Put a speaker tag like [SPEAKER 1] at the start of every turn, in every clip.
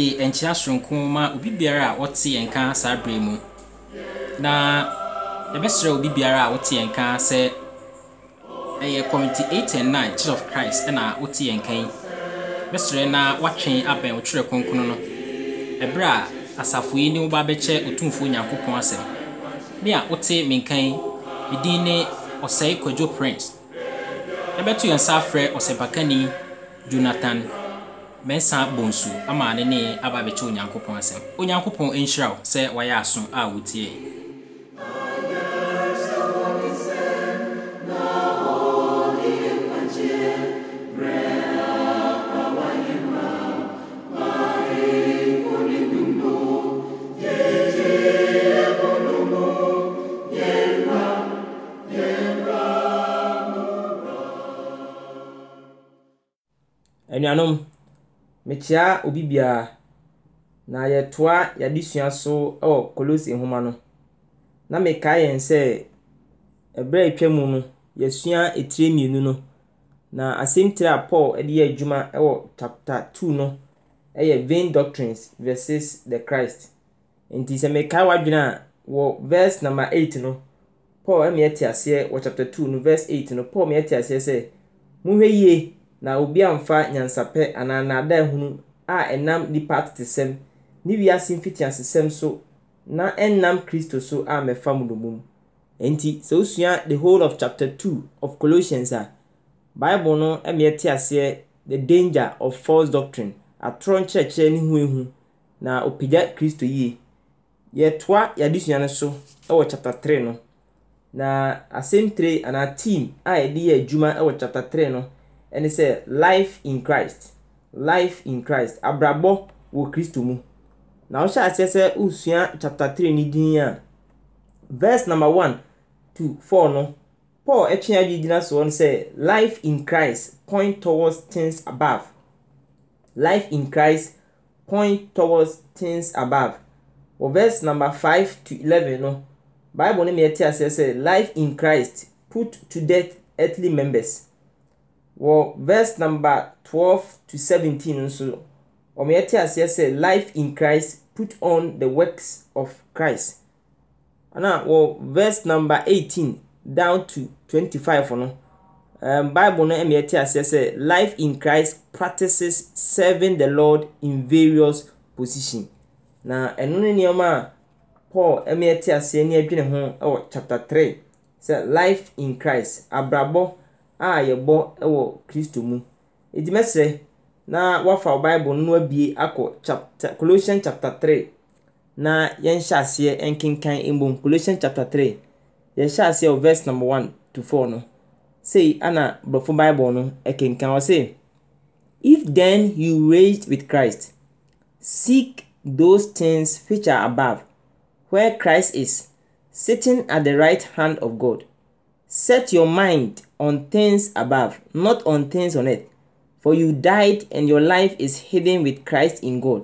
[SPEAKER 1] de nkyea asoronko ma obi biara a ɔte yɛn ka saa bere mu na yɛbɛsrɛ obi biara a ɔte yɛn ka sɛ ɛyɛ committee eight and nine church of christ ɛna ɔte yɛn ka yi bɛsrɛ na watwe abɛn ɔtwerɛ kronkron no ɛberɛ a asafo yi ne woba bɛkyɛ otumfuo nyankopɔn asɛm me a ɔte me nkan yi me din ne ɔsɛe kwadwo prince yɛbɛto yɛn nsa afrɛ ɔsɛmpakani jonathan mɛnsa bɔ nsu ama ne ne aba abɛkyɛ onyankopɔn asɛm onyankopɔn nhyira wo sɛ wayɛ aso a wotie anuanom yɛkyia obi biara na yɛtoa yɛadesua so wɔ Kolose nhoma no na mekae yɛn sɛ ɛberɛ a atwa mu no yɛasua etire mmienu no na asɛm tiri a Paul de yɛ adwuma wɔ chapter two no yɛ vain doctrines versus the Christ nti sɛ mekae w'adwene a wɔ verse number eight no Paul ma yɛte aseɛ wɔ chapter two no verse eight no Paul ma yɛte aseɛ sɛ monhwɛ yie na obi amfa nyansapɛ anaa nnaadaahunu a ɛnam nipa tetesɛm ne wiase mfitiasesɛm so na ɛnnam kristo so a mɛfa mu nomum enti sɛ wosua the whole of chapter two of colossians a bible no ɛmeɛ te aseɛ the danger of false doctrine atorɔ nkyerɛkyerɛ ne ho ehu na opagya kristo yie yɛtoa yɛadesua no so ɛwɔ chapter three. no na asɛm tire anaa team a yɛde yɛ adwuma ɛwɔ chapter three. no ɛne sɛ life in christ life in christ abrabɔ wɔ kristo mu na wohyɛ aseɛ sɛ wosua chapter three ne din a verse number one to four no paul ɛtwe adwe gyina soɔ no sɛ life in christ point towards things above life in christ point towards things above wɔ verse number five to eleven no bible no meɛte aseɛ sɛ life in christ put to death earthly members wɔ verse number twelve to seventeen nso wɔn yɛte aseɛ sɛ life in christ put on the works of christ ɛna wɔ verse number eighteen down to twenty-five no um, bible no ɛna yɛte aseɛ sɛ life in christ practices serving the lord in various positions na ɛno ne nneɛma a paul ɛna yɛte aseɛ ne adwene ho ɛwɔ chapter three sɛ life in christ abrabɔ a yɛbɔ wɔ kristo mu enti mɛsrɛ na woafa wo bible no abie akɔ chapter colossian chapter three. na yɛnhyɛ aseɛ nkenkan mmom colossian chapter three. yɛhyɛ aseɛ wɔ verse number one to four no sei ana borɔfo bible no ɛkenkan wɔ se if then you raised with christ seek those things which are above where christ is sitting at the right hand of god Set your mind on things above, not on things on earth. For you died, and your life is hidden with Christ in God.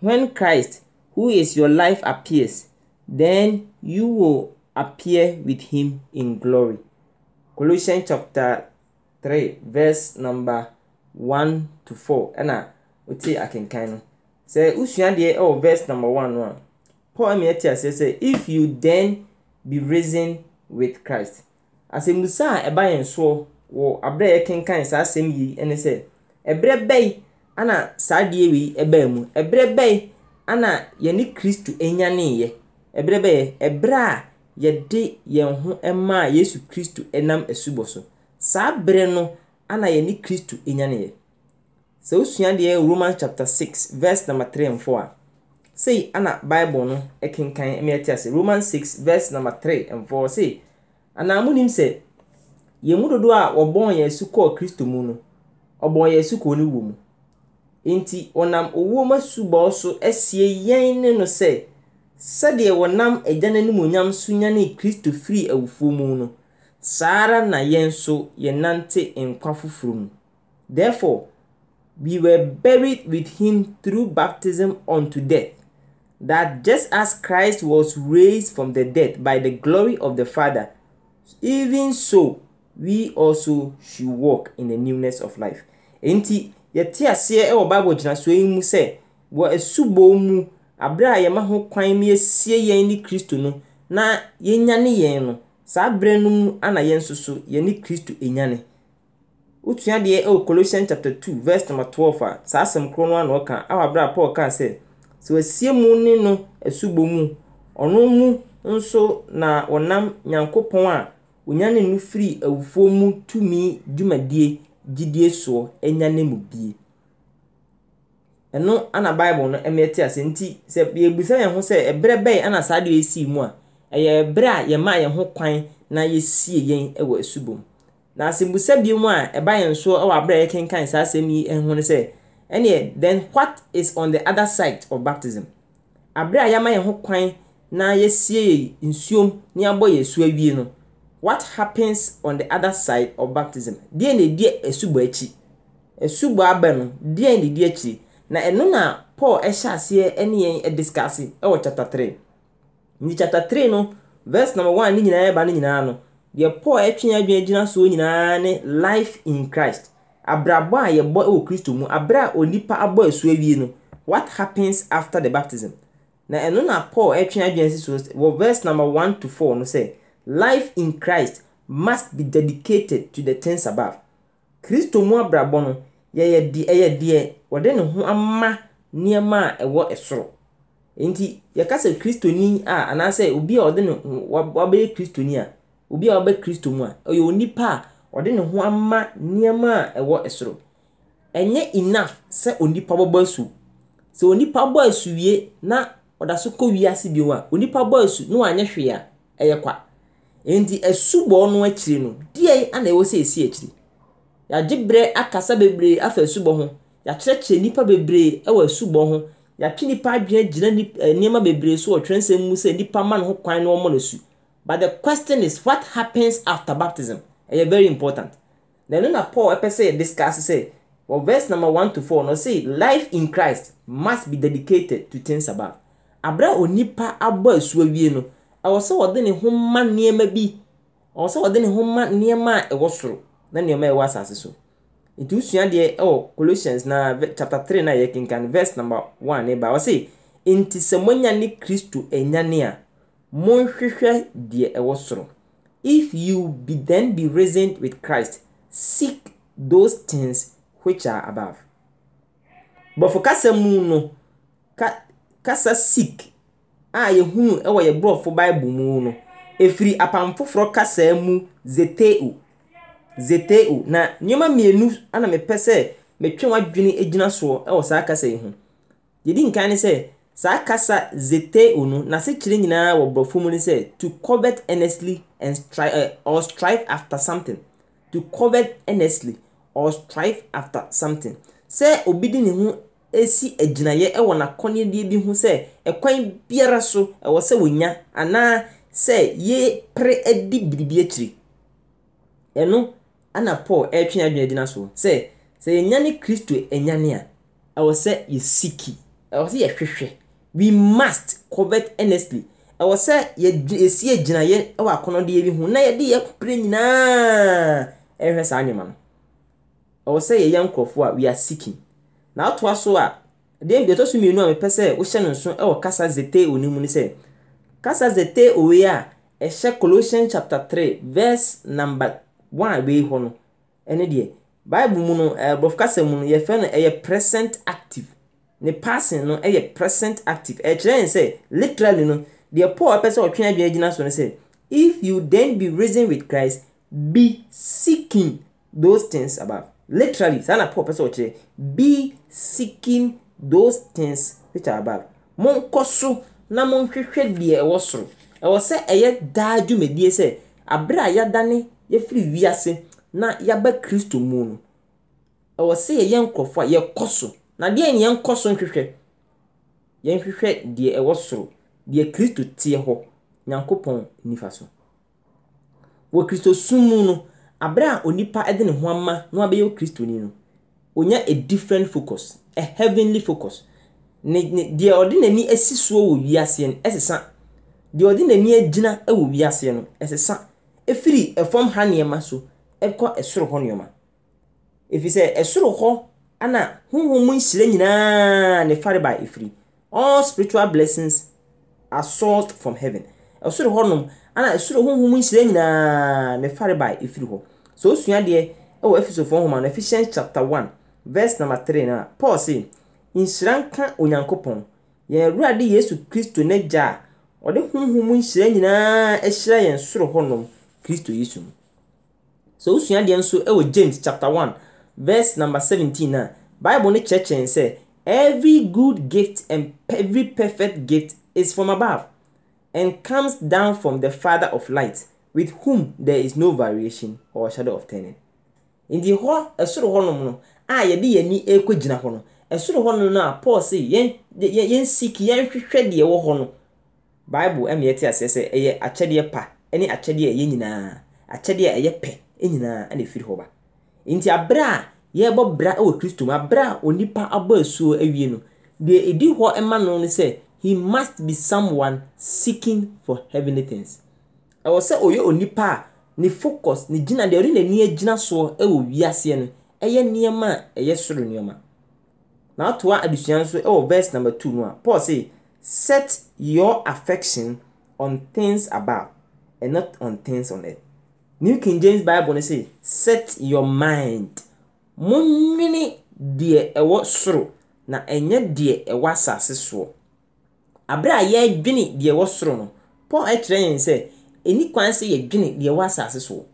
[SPEAKER 1] When Christ, who is your life, appears, then you will appear with him in glory. Colossians chapter 3, verse number 1 to 4. Ɛna wotie akenkan no. Sɛ usua deɛ verse number 1 no Paul ɛmɛ ɛte aseɛ if you then be risen with Christ asɛmmusa a ɛba yɛn soɔ wɔ aberɛ a yɛkenkan saa asɛm yi ne sɛ ɛberɛ bɛyi ana saa adeɛ wei baa mu ɛberɛ bɛyi ana yɛne kristo nyaneeɛ ɛberɛ bɛyɛ ɛberɛ a yɛde yɛn ho maa yesu Kristu nam asubɔ so saa berɛ no ana yɛne kristo nyaneeɛ sɛ wosua deɛ roman chapter six verse number three and four, a sei ana bible no kenkan ma yɛte ase roman six verse number three and four, sei anaa monim sɛ yɛn mu dodoɔ a wɔbɔn yɛn so kɔɔ kristo mu no ɔbɔn yɛn so kɔɔ ne wɔ mu nti ɔnam owuo asubɔɔ so asie yɛn ne no sɛ sɛdeɛ wɔnam agya no animuonyam so nyanee kristo firi awufoɔ mu no saa ara na yɛn nso yɛnante nkwa foforɔ mu therefore we were buried with him through baptism unto death that just as christ was raised from the dead by the glory of the father even so we also should walk in the newness of life nti yɛte aseɛ wɔ bible gyinasoɔ yi mu sɛ wɔ asubɔ mu abere a yɛma ho kwan mu yɛsie yɛn ne kristo no na yɛnyane yɛn no saa abere no mu ana yɛn nso so yɛne kristo enyane wotua deɛ ɛwɔ colossians chapter two verse number twelve a saa asɛm korɔ no ano ɔka awa abere a paul kaa sɛ sɛ wɔasie mu ne no asubɔ mu ɔno mu nso na wɔnam nyankopɔn a ɔnya ne no firi awufoɔ mu tumi dwumadie gyidie soɔ anya ne mu bie ɛno ana bible no ɛmɛ te ase nti sɛ yɛbisa yɛn ho sɛ ɛbrɛ bɛyɛ ana saa deɛ esi mu a ɛyɛ ɛbrɛ a yɛmaa yɛn ho kwan na yɛsie yɛn ɛwɔ asubom na asebusa bi mu a ɛba yɛn so ɛwɔ abrɛ yɛkenkan saa asɛm yi ɛho no sɛ ɛneɛ then what is on the other side of baptism abrɛ a yɛama yɛn ho kwan na yɛsie nsuom na yɛabɔ yɛn so awie no what happens on the other side of baptism deɛ na edi asubɔ akyi asubɔ aba no deɛ na edi akyire na ɛno na paul ɛhyɛ aseɛ ne yɛn discuss ɛwɔ chapter three ne chapter three no verse number one ne nyinaa ɛba ne nyinaa no deɛ paul ɛtwe adwene gyina soɔ nyinaa ne life in christ abrabɔ a yɛbɔ wɔ kristo mu abrɛ a onipa abɔ asu awie no what happens after the baptism na ɛno na paul ɛtwe adwene si so wɔ verse number one to four no sɛ life in christ must be dedicated to the things above kristo mu abrabɔ no yɛyɛ deɛ ɛyɛ deɛ wɔde ne ho ama nneɛma a ɛwɔ ɛsoro nti yɛkasa kristoni a anaasɛ obi a ɔde ne ho wabɛyɛ kristoni a obi a wabɛ kristo mu a ɔyɛ onipa a ɔde ne ho ama nneɛma a ɛwɔ ɛsoro ɛnyɛ enough sɛ onipa bɔbɔ asu sɛ onipa bɔ asu wie na ɔda so kɔ wiase bi mu a onipa bɔ asu na wanyɛ hwee a ɛyɛ kwa nti asubɔɔ no akyire no deɛ ana ɛwɔ sɛ ɛsi akyiri yɛagye berɛ akasa bebree afa asubɔ ho yɛakyerɛkyerɛ nnipa bebree wɔ asubɔ ho yɛatwe nnipa adwene gyina eh, nneɛma bebree so wɔ twerɛnsɛm mu sɛ nnipa ma ne ho kwan na wɔmmɔ no su but the question is what happens after baptism ɛyɛ very important na ɛno na paul ɛpɛ sɛ yɛdiscuss sɛ wɔ verse number one to four, no say life in christ must be dedicated to things about abere onipa abɔ asuo wie no ɛwɔ sɛ ɔde ne ho ma nneɛma bi ɛwɔ sɛ ɔde ne ho ma nneɛma a ɛwɔ soro na nneɛma a ɛwɔ asase so nti usua deɛ ɛwɔ colossians na chapter three na yɛ kenkan verse number one ne ba ɔse nti sɛ monya ne kristo enyane a monhwehwɛ deɛ ɛwɔ soro if you be then be reasoned with christ seek those things which are above bɔfo kasa mu no ka kasa sikh a yɛhunu wɔ yɛ borɔfo bible mu no ɛfiri apam foforɔ mu zeteo zeteo na nneɛma mmienu ana mepɛ sɛ metwe w'adwene gyina soɔ wɔ saa kasa yi ho yɛdi nkan ne sɛ saa kasa zeteo no n'asekyerɛ nyinaa wɔ borɔfo mu ne sɛ to covet earnestly and strive uh, or strive after something to covet earnestly or strive after something sɛ obi di ne ho esi agyinaeɛ wɔ n'akɔnedeɛ bi ho sɛ ɛkwan biara so ɛwɔ sɛ wɔnya anaa sɛ yɛpere adi biribi akyiri ɛno ana paul ɛretwe adwene gyina so sɛ sɛ yɛnya ne kristo ɛnyane a ɛwɔ sɛ yɛ siki, ɛwɔ sɛ yɛhwehwɛ we must covet earnestly ɛwɔ sɛ yɛsi agyinaeɛ ɛwɔ akɔnɔdeɛ bi ho na yɛde yɛ yɛpere nyinaa ɛhwɛ saa nneɛma no ɛwɔ sɛ yɛyɛ nkurɔfoɔ a we are seeking na atoa so a deɛ deɛ ɛtɔ so mmienu a mepɛ sɛ wohyɛ no nso wɔ kasa zete oni mu no sɛ kasa zete owe a ɛhyɛ colossian chapter three verse number one a wei hɔ no ɛne deɛ bible mu no ɛɛbɔf kasa mu no yɛfɛ no ɛyɛ present active ne passing no ɛyɛ present active ɛkyerɛ yɛn sɛ literally no deɛ paul apɛ sɛ ɔtwe adwene gyina so no sɛ if you then be risen with christ be seeking those things above literally saa na paul pɛ sɛ be seeking those things which are above monkɔ so na monhwehwɛ deɛ ɛwɔ soro ɛwɔ sɛ ɛyɛ daa dwumadie sɛ abere a yɛadane yɛfiri wiase na yɛaba kristo mu no ɛwɔ sɛ yɛyɛ nkurɔfoɔ a yɛkɔ so na deɛ ne yɛnkɔ so nhwehwɛ yɛnhwehwɛ deɛ ɛwɔ soro deɛ kristo teɛ hɔ nyankopɔn nifa so wɔ kristo sum mu no abere a onipa de ne ho ama na wabɛyɛ okristoni no onya a different focus a heavenly focus ne ne deɛ ɔde n'ani asi soɔ wɔ wiaseɛ no ɛsesa deɛ ɔde n'ani agyina wɔ wiaseɛ no ɛsesa efiri ɛfam ha nneɛma so ɛkɔ ɛsoro hɔ nneɛma efisɛ ɛsoro hɔ ana honhom mu nhyira nyinaa ne fare ba efiri all spiritual blessings are sought from heaven ɛsoro hɔnom ana ɛsoro honhom mu nhyira nyinaa ne fare ba efiri hɔ so osua deɛ ɛwɔ efesofoɔ nhoma no ephesians chapter one verse number three na paul se nhyira nka onyankopɔn yɛn awurade yesu kristo n'agya a ɔde honhom mu nhyira nyinaa ahyira yɛn soro hɔnom kristo yesu mu so osua deɛ nso ɛwɔ james chapter one verse number seventeen na bible no kyerɛkyerɛ sɛ every good gift and every perfect gift is from above and comes down from the father of light with whom there is no variation or shadow of turning nti hɔ ɛsoro hɔnom no a yɛde yɛn ani ɛrekɔgyina hɔ no ɛsoro hɔnom no a paul sɛ yɛn yɛn yɛn siki yɛn hwehwɛ deɛ ɛwɔ hɔ no bible ɛna yɛte aseɛ sɛ ɛyɛ akyɛdeɛ pa ɛne akyɛdeɛ ɛyɛ nyinaa akyɛdeɛ ɛyɛ pɛ ɛnyinaa ɛna efiri hɔ ba nti abere a yɛrebɔ bra ɛwɔ kristo mu abere a onipa abɔ asuo awie no deɛ edi hɔ ɛma no no sɛ he must be someone seeking for heavenly things ɛwɔ sɛ ɔyɛ onipa a ne focus ne gyina deɛ ɔde n'ani agyina soɔ ɛwɔ wiaseɛ no ɛyɛ nneɛma a ɛyɛ soro nneɛma na atoa adesua nso ɛwɔ verse number two no a paul say set your affection on things above and not on things on earth new king james bible no say set your mind Mo monnwene deɛ ɛwɔ soro na ɛnyɛ deɛ ɛwɔ asase soɔ abere a yɛadwene deɛ ɛwɔ soro no paul ɛkyerɛ yɛn sɛ ɛni kwan sɛ yɛdwene deɛ ɛwɔ asase soɔ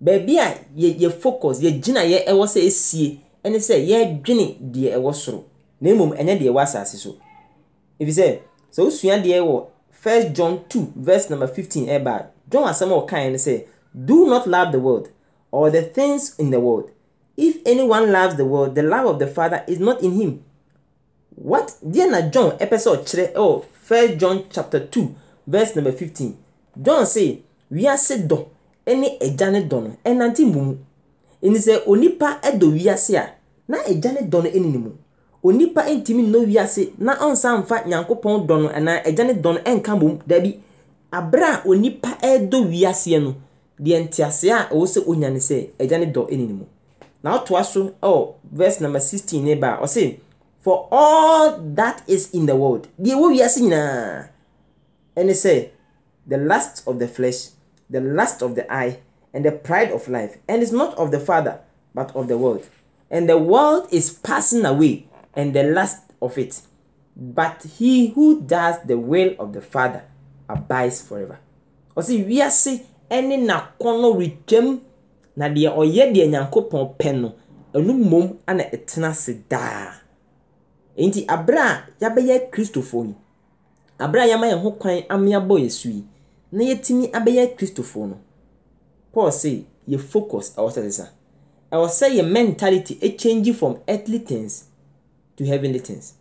[SPEAKER 1] baabi a yɛ focus yɛgyina yɛ ɛwɔ sɛ esie ɛne sɛ yɛdwene deɛ ɛwɔ soro na mmom ɛnyɛ deɛ ɛwɔ asase so efisɛ sɛ osua deɛ wɔ first john two verse number fifteen ɛba eh, john asɛm a ɔkan no sɛ do not love the world or the things in the world if anyone loves the world the love of the father is not in him what deɛ na john ɛpɛ sɛ ɔkyerɛ ɛwɔ first john chapter two verse number fifteen john se wiase dɔ ne agya ne dɔ no ɛnante mbɔ mu ɛni sɛ onipa dɔ wiase a na agya ne dɔ no ɛne ne mu onipa ntumi nnɔ wiase na ɔnsan mfa nyankopɔn dɔ no anaa agya ne dɔ no ɛnka mbɔ mu daabi abere a onipa ɛredɔ wiaseɛ no deɛ nteaseɛ a ɛwɔ sɛ onya ne sɛ agya ne dɔ ɛne ne mu na ɔtoa so ɛwɔ verse number sixteen ne ba ɔse for all that is in the world deɛ ɛwɔ wiase nyinaa ɛne sɛ the lust of the flesh, the lust of the eye, and the pride of life, and is not of the Father, but of the world. And the world is passing away, and the lust of it. But he who does the will of the Father abides forever. Ɔsi wiase ɛne n'akɔnɔ retwam na deɛ ɔyɛ deɛ nyankopɔn pɛ no ɛnu mum ana etna se da. Enti abere a yabɛyɛ kristofoɔ yi, abere a yɛama yɛn ho kwan ameabɔ na yɛtumi abɛyɛ kristofoɔ no paul say yɛ focus ɛwɔ sɛ sesa ɛwɔ sɛ yɛ mentality change from earthly things to heavenly things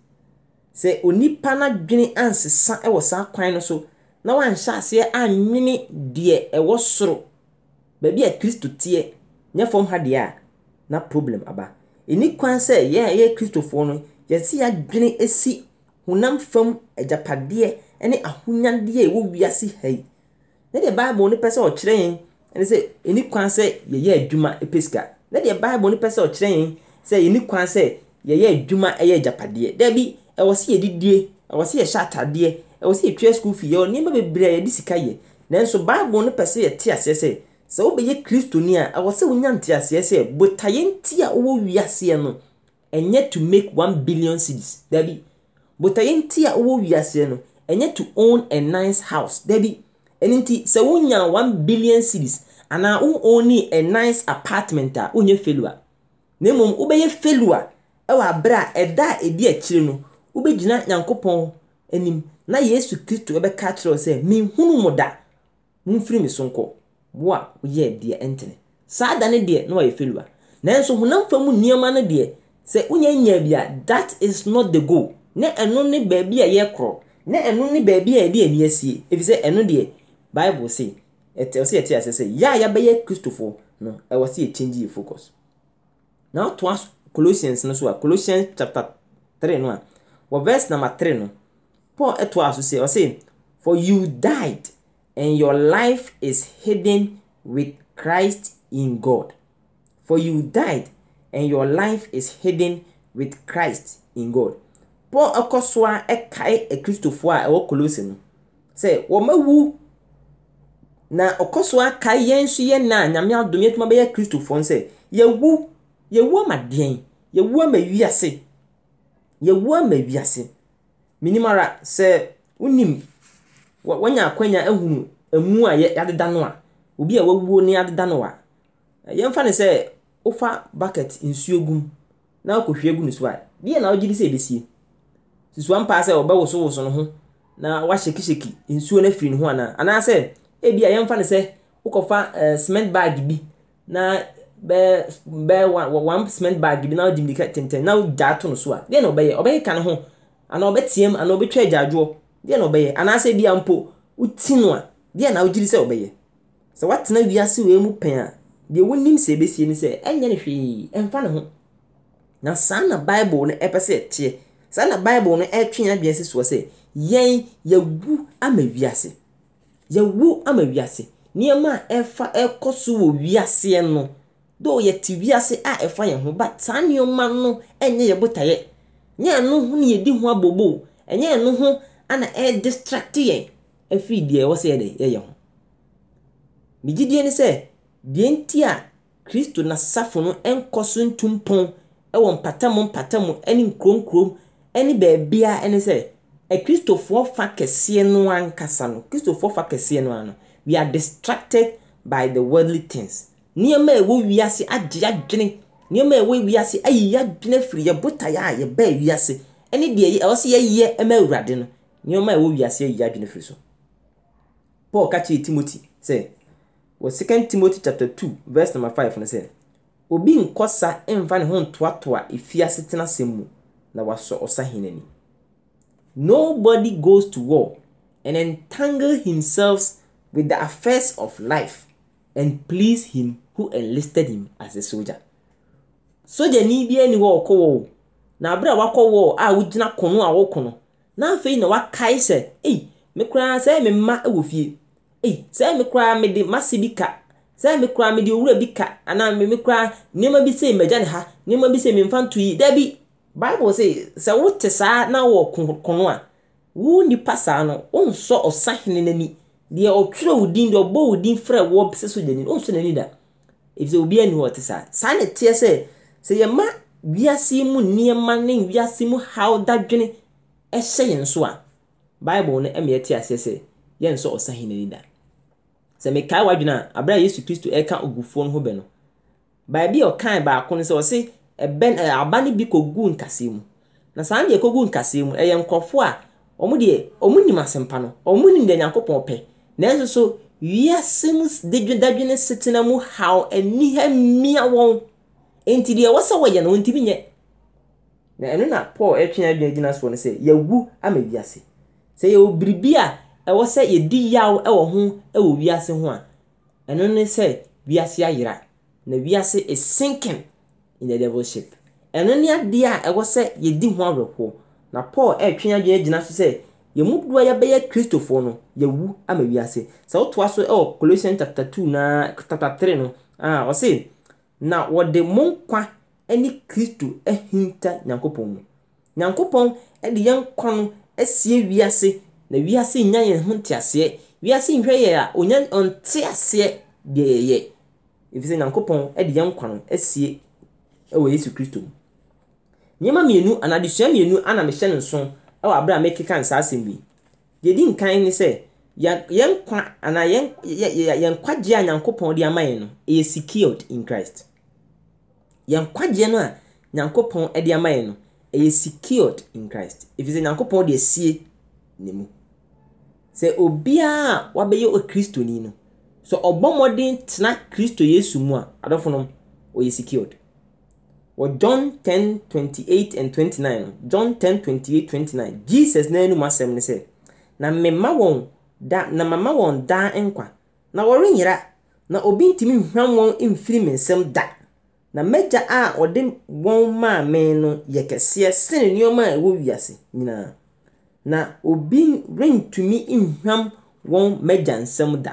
[SPEAKER 1] sɛ onipa n'adwene ansesa ɛwɔ saa kwan no so na wanhyɛ aseɛ anwene deɛ ɛwɔ soro baabi a kristo teɛ nyɛ fam ha deɛ a na problem aba ɛni kwan sɛ yɛn a yɛyɛ kristofoɔ no yɛsi yɛadwene si honam fam agyapadeɛ ne ahonyadeɛ a ɛwɔ wiase ha yi na deɛ bible no pɛ sɛ ɔkyerɛ yɛn ɛne sɛ ɛni kwan sɛ yɛyɛ adwuma ɛpɛ sika na deɛ bible no pɛ sɛ ɔkyerɛ yɛn sɛ yɛni kwan sɛ yɛyɛ adwuma ɛyɛ agyapadeɛ daabi ɛwɔ sɛ yɛdidie ɛwɔ sɛ yɛhyɛ atadeɛ ɛwɔ sɛ yɛtua school fee yɛwɔ nneɛma bebree a yɛde sika yɛ nanso bible no pɛ sɛ yɛte aseɛ sɛ sɛ wobɛyɛ kristoni a ɛwɔ sɛ wonya nte aseɛ sɛ botaeɛ nti a wowɔ wiaseɛ no ɛnyɛ to make one billion cities daabi botaeɛ nti a wowɔ wiaseɛ no ɛnyɛ to own a nice house daabi ɛno nti sɛ wonya one billion series anaa wo only a nice apartment a wonyɛ failure na mmom wobɛyɛ failure ɛwɔ abere a ɛda a ɛdi akyire no wobɛgyina nyankopɔn anim na yesu kristo ɛbɛka kyerɛ sɛ menhunu mo da momfiri me so nkɔ wo a woyɛ deɛ ɛntene saa da no deɛ na wayɛ failure nanso honam fa nneɛma no deɛ sɛ wonya nya bi a that is not the goal na ɛno ne baabi a yɛkorɔ na ɛno ne baabi a yɛde ani asie ɛfiri sɛ ɛno deɛ bible say ɛtɛ ɔsi ɛte ase sɛ yɛ a yɛbɛyɛ kristofoɔ no ɛwɔ si yɛchange yɛ focus na ɔto aso colossians no so a colossians chapter three no a wɔ verse number three no paul ɛto aso sɛ ɔsi for you died and your life is hidden with christ in god for you died and your life is hidden with christ in god paul ɛkɔ so a ɛkae akristofoɔ a ɛwɔ colossians no sɛ wɔn awu. na ɔkɔ so aka yɛn nso yɛ na nyame adom yɛtuma bɛyɛ kristofoɔ sɛ yɛwu yɛwu ama deɛn yɛwu ama wiase yɛwu ama wiase minim ara sɛ wonim wanya akwanya ahunu emu a yɛadeda no a obi a wawuo ne adeda no a yɛmfa ne sɛ wofa bucket nsuo gum na wokɔhwie gu ne so a deɛ na wogye di sɛ ɛbɛsie susua mpaa sɛ ɔbɛwosowoso no ho na wahyɛkihyɛki nsuo no afiri ne ho anaa anaasɛ ebi a yɛmfa no sɛ wokɔfa eh, cement bag bi na bɛɛ bɛɛ one cement bag bi na wode mirika tɛntɛn na wogyaa to no so a deɛ na ɔbɛyɛ ɔbɛkeka ne ho anaa ɔbɛteam anaa ɔbɛtwa agyaadwoɔ deɛ na ɔbɛyɛ anaasɛ mpo woti no a deɛ na wogyiri sɛ ɔbɛyɛ sɛ woatena wiase wei mu pɛn a deɛ wonim sɛ ebesie ne sɛ ɛnyɛ na saa na bible no ɛpɛ sɛ ɛteɛ saa na bible no yɛwu ama wiase nneɛma a ɛfa ɛkɔ so wɔ wiaseɛ no do te wiase a ɛfa yɛn ho but saa nneɛma no ɛnyɛ yɛ botaeɛ nyɛ ɛno ho ne yɛdi ho abobo ɛnyɛ ɛno ho ana ɛdistract yɛn ɛfiri deɛ ɛwɔ sɛ yɛde yɛyɛ ho megyidie ne sɛ deɛ nti a kristo n'asafo no ɛnkɔ so ntumpɔn ɛwɔ mpatamu mpatamu ɛne nkurom kurom ɛne beebi a ɛne sɛ akristofoɔ fa kɛseɛ no ankasa no kristofoɔ fa kɛseɛ no ano we are distracted by the worldly things nneɛma a ɛwɔ wiase agye adwene nneɛma a ɛwɔ wiase ayi adwene firi yɛ botaeɛ a yɛbaa wiase ɛne deɛ ɛwɔ sɛ yɛyɛ ma awurade no nneɛma a ɛwɔ wiase ayi adwene firi so paul ka kyerɛ timothy sɛ wɔ second timothy chapter two verse number five no sɛ obi nkɔ sa mfa ne ho ntoatoa efiase tena asɛm mu na wasɔ ɔsahene ni Nobody goes to war and entangle himself with the affairs of life and please him who enlisted him as a soldier. Sogyani biara ni wɔ ɔkɔ wɔ o na abere a wakɔ wɔ a wogyina kono a wɔkɔ no na afei na wakae sɛ ei me koraa sɛ me mma wɔ fie ei sɛ me koraa mede mase bi ka sɛ me koraa mede owura bi ka anaa me me koraa nneɛma bi sɛ megya ne ha nneɛma bi sɛ memfa nto yi dabi bible sɛ sɛ wote saa na wɔ kono a wo nipa saa no wonsɔ ɔsahene n'ani deɛ ɔtwerɛ wo din deɛ ɔbɔ wo din frɛ wɔ sɛ no wonsɔ n'ani da ɛfisɛ obiara ni hɔ te saa saa ne teɛ sɛ sɛ yɛma wiase mu nneɛma ne wiase mu haw dadwene ɛhyɛ yɛn so a bible no ɛma yɛte aseɛ sɛ yɛnsɔ ɔsahene da sɛ mekae w'adwene a a yesu kristo ogufoɔ no ho bɛ ɛbɛn ɛɛ aba no bi kogu nkaseɛ mu na saa deɛ kogu nkaseɛ mu ɛyɛ nkurɔfoɔ a wɔn deɛ wɔn nim asɛmpa no wɔn nim deɛ nyankopɔn pɛ nanso so wiase mu dadwene setena mu haw aniha mmia wɔn nti deɛ wɔsɛ wɔyɛ no wɔntumi nyɛ na ɛno na paul ɛtwe adwinagyina soɔ no sɛ yɛwu ama wiase sɛ yɛwɔ biribi a ɛwɔ sɛ yɛdi yaw ɛwɔ ho ɛwɔ wiase ho a ɛno ne sɛ wiase ayera na wiase is sinking in the devilship ɛno ne adeɛ a ɛwɔ sɛ yɛdi ho awerɛhoɔ na paul ɛretwe adwene gyina so sɛ yɛn mu dodoɔ yɛbɛyɛ kristofoɔ no yɛwu ama wiase sɛ wotoa so ɛwɔ colossian chapter two na chapter three no a ɔse na wɔde mo nkwa ne kristo ahinta nyankopɔn mu nyankopɔn de yɛn nkwa no asie wiase na wiase nya yɛn ho nteaseɛ wiase nhwɛ yɛ a onya ɔnteaseɛ deɛ yɛyɛ efisɛ nyankopɔn de yɛn nkwa no asie wɔ yesu kristo mu nneɛma mmienu anadesua mmienu ana mehyɛ ne nso wɔ abere a mekeka nsaa asɛm bi deɛ di nkan ne sɛ yɛn kwa anaa yɛn yɛn kwagyeɛ a nyankopɔn de ama yɛn no ɛyɛ secured in christ yɛn kwagyeɛ no a nyankopɔn de ama yɛn no ɛyɛ secured in christ efisɛ nyankopɔn de asie ne mu sɛ obiara a wabɛyɛ okristoni no sɛ ɔbɔ mmɔden tena kristo yesu mu a adɔfo no ɔyɛ secured wɔ john ten twenty eight and twenty nine john ten twenty eight twenty nine jesus n'anum asɛm ne sɛ na mɛma wɔn da na mama wɔn daa nkwa na wɔrenyera na obi ntumi nhwam wɔn mfiri me nsam da na mɛgya a ɔde wɔn maa me no yɛ kɛseɛ sene nneɛma a ɛwɔ wiase nyinaa na obi rentumi nhwam wɔn mɛgya nsam da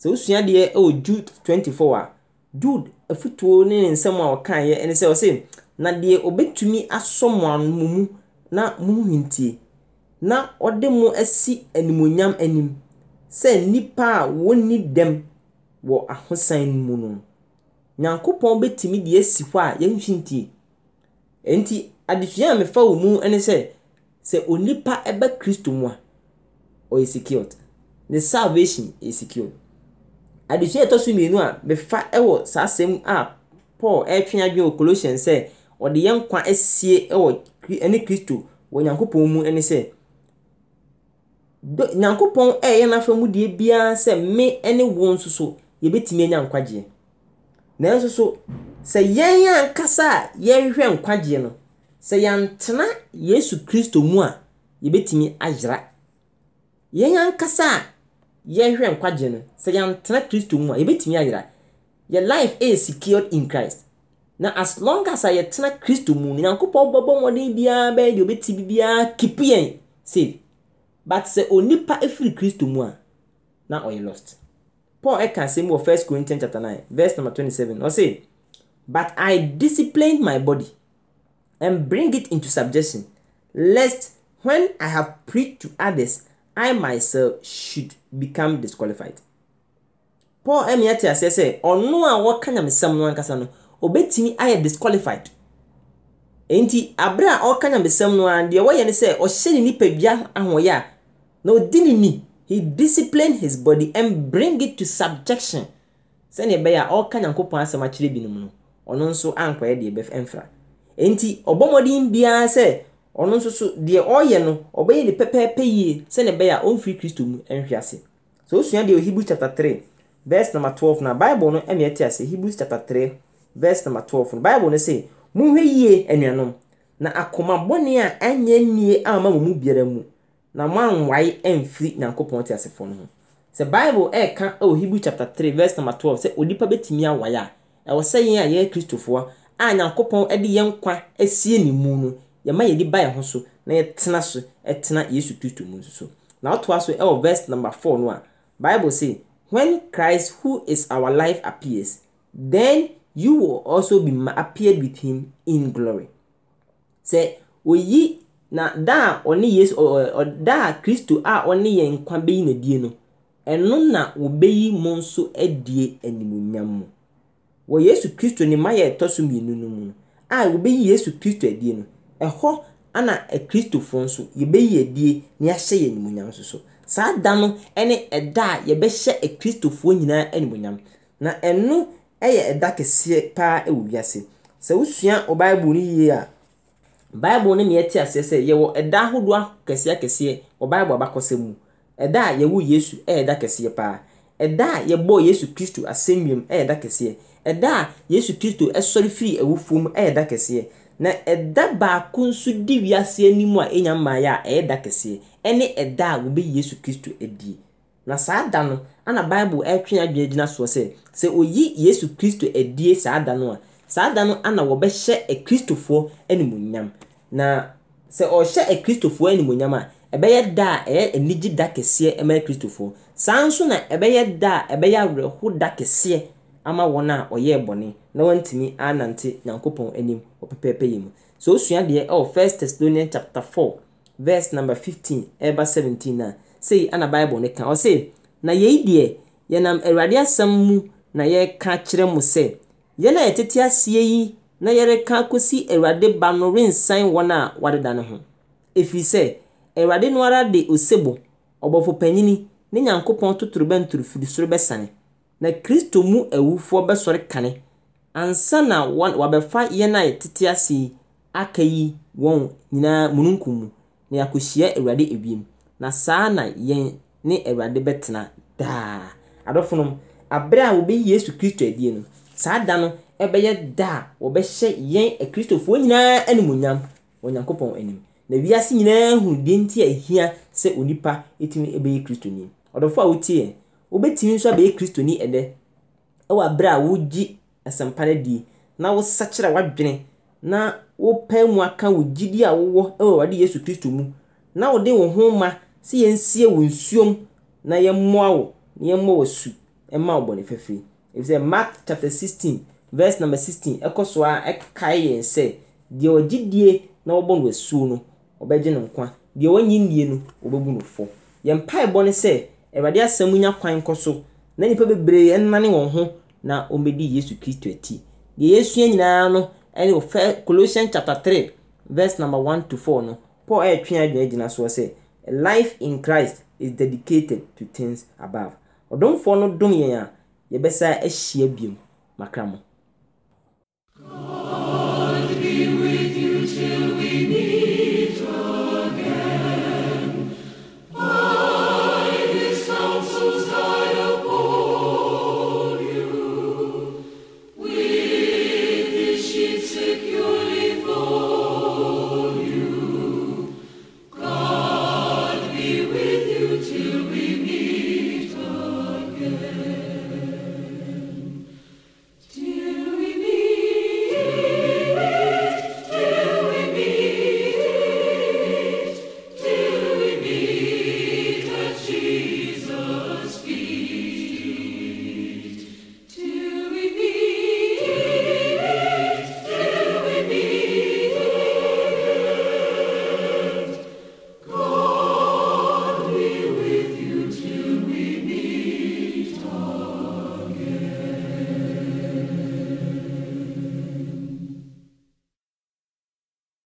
[SPEAKER 1] sɛ wosua deɛ ɛwɔ jude twenty four a jude afotuo ne ne nsɛm a ɔkaeɛ ne sɛ ɔse na deɛ ɔbɛtumi asɔ mo ano mo mu na monhintie na ɔde mo asi animonyam anim sɛ nnipa a wɔnni dɛm wɔ ahosan no mu no nyankopɔn bɛtumi deɛ asi hɔ a yɛnhintie nti adesua a mefa wɔ mu ne sɛ sɛ onipa ɛbɛ kristo mu a ɔyɛ secured ne salvation is secured adesua ɛtɔ so mmienu a mefa wɔ saa asɛm a paul ɛretwe adwene wɔ colossians sɛ ɔde yɛn nkwa asie wɔ ne kristo wɔ nyankopɔn mu ne sɛ nyankopɔn ɛyɛ n'afa mu deɛ biara sɛ me ne wɔn nso so yɛbɛtumi anya nkwagyeɛ nanso so sɛ yɛn ankasa a yɛrehwɛ nkwagyeɛ no sɛ yɛantena yesu kristo mu a yɛbɛtumi ayera yɛn ankasa a yɛhwɛ nkwagye no sɛ yɛantena kristo mu a yɛbɛtumi ayera yɛ life is secured in christ na as long as a yɛtena kristo mu no nyankopɔn bɔbɔ mmɔden biara bɛyɛ deɛ ɔbɛtumi biara kipi yɛn save but sɛ onipa efiri kristo mu a na ɔyɛ lost paul ɛka asɛm wɔ first corinthians chapter nine verse number twenty-seven ɔse but i disciplined my body and bring it into subjection lest when i have preached to others I myself should become disqualified. Paul ɛmi ɛte aseɛ sɛ ɔno a wɔka nyamesɛm no ankasa no obetumi ayɛ disqualified. Nti abere a ɔka nyamesɛm no ara deɛ wɔyɛ ne sɛ ɔhyɛ ne nipadua ahoyɛ a na odi ne ni he discipline his body and bring it to subjection sɛnea ɛbɛyɛ a ɔka nyankopɔn asɛm akyerɛ binom no ɔno nso ankɔyɛ deɛ ɛbɛf ɛmfra. Nti ɔbɔ mmɔden biara sɛ ɔno nso so deɛ ɔyɛ no ɔbɛyɛ ne pɛpɛɛpɛ yie sɛne ɛbɛyɛ a ɔmfiri kristo mu nhwe ase sɛ osua deɛ hebrew chapter 3 verse number 12 na bible no ɛna ɛte ase hebrew chapter 3 verse number 12 no bible no sɛ monhwɛ yie anuanom na akoma bɔne a ɛnyɛ nnie ama mo mu biara mu na moanwae ɛmfiri nyankopɔn te asefoɔ no ho sɛ bible ɛɛka ɛwɔ hebrew chapter 3 verse number 12 sɛ onipa bɛtumi awae a ɛwɔ sɛ yɛn a yɛyɛ kristofoɔ a nyankopɔn de yɛn nkwa asie ne mu no yɛma yɛde ba yɛn ho so na yɛtena so tena yesu kristo mu nso so na ɔtoa so ɛwɔ verse number four no a bible say when christ who is our life appears then you will also be appeared with him in glory sɛ oyi na da a ɔne yesu ɔ da a kristo a ɔne yɛn nkwa bɛyi n'adie no ɛno na wɔbɛyi mo nso adie animuonyam mu wɔ yesu kristo ne ma yɛ ɛtɔ so mmienu no mu no a wɔbɛyi yesu kristo adie no ɛhɔ ana akristofo nso yɛbɛyi adie na yɛahyɛ yɛn animonyam nso so saa da no ne ɛda a yɛbɛhyɛ akristofoɔ nyinaa animonyam na ɛno yɛ ɛda kɛseɛ paa wɔ wiase sɛ wosua o bible no yie a bible no neɛ te aseɛ sɛ yɛwɔ ɛda ahodoɔ akɛseɛ akɛseɛ wɔ bible abakɔsɛ mu ɛda a yɛwo yesu yɛ ɛda kɛseɛ paa ɛda a yɛbɔɔ yesu kristo asɛnnwam yɛ ɛda kɛseɛ ɛda a yesu kristo sɔre firi awufoɔ mu yɛ ɛda kɛseɛ na ɛda baako nso di wiase anim a ɛnya mmaayɛ a ɛyɛ da kɛseɛ ɛne ɛda a wɔbɛ yesu kristo adie na saa da no ana baibul ɛtwe adwene gyina soɔ sɛ sɛ oyi yesu kristo adie saa da no a saa da no ana wɔbɛhyɛ akristofoɔ animonyam na sɛ ɔhyɛ akristofoɔ animonyam a ɛbɛyɛ da a ɛyɛ anigye da kɛseɛ ma kristofoɔ saa nso na ɛbɛyɛ da a ɛbɛyɛ awerɛho da kɛseɛ ama wɔn a ɔyɛɛ bɔne na wɔntumi anante nyankopɔn anim wɔ pɛpɛɛpɛ mu so osua deɛ ɛwɔ first thessalonian chapter four verse number fifteen ɛreba seventeen a sei ana bible no ka ɔse na yei deɛ yɛnam awurade asɛm mu na yɛreka kyerɛ mo sɛ yɛn a yɛtete aseɛ yi na yɛreka akɔsi awurade ba no rensan wɔn a wɔadeda ne ho ɛfiri sɛ awurade no ara de osebo ɔbɔfopanyin ne nyankopɔn totorobɛntorofiri soro bɛsane na kristo mu awufoɔ bɛsɔre kane ansa na wabɛfa yɛn a yɛtete ase yi aka yi wɔn nyinaa mununkum mu na yɛakɔhyia awurade ewiem na saa na yɛn ne awurade bɛtena daa adɔfonom abere a wɔbɛyi yesu kristo adie no saa da no ɛbɛyɛ da a wɔbɛhyɛ yɛn akristofoɔ nyinaa animuonyam wɔ nyankopɔn anim na wiase nyinaa hunu deɛ nti a ɛhia sɛ onipa tumi Kristo kristoni ɔdɔfo a wotie wobɛtumi nso abɛyɛ kristoni ɛnɛ ɛwɔ abere a wogye asɛmpa no die na wosakyera w'adwene na wopae mu aka wo gyidi a wowɔ ɛwɔ awurade yesu kristo mu na wode wo ho ma sɛ yɛnsie wo nsuom na yɛmmoa wo na yɛmmɔ wo su ɛma wo bɔne fɛfiri ɛfisɛ mark chapter 16 verse number 16 ɛkɔ so a ɛkae yɛn sɛ deɛ wɔgye die na wɔbɔ no asuo no ɔbɛgye ne nkwa deɛ wɔnyi nie no wɔbɛbu no fɔ yɛn mpaebɔ ne sɛ awurade asɛm nya kwan kɔ so na nnipa bebree ɛnane wɔn ho na wɔmmɛdi yesu kristo akyi deɛ yɛsua nyinaa no ɛne wɔ fɛ colossians chapter three verse number one to four no paul ɛretwe adwene gyina soɔ sɛ life in christ is dedicated to things above ɔdomfoɔ no dom yɛn a yɛbɛsa ahyia biom makra mo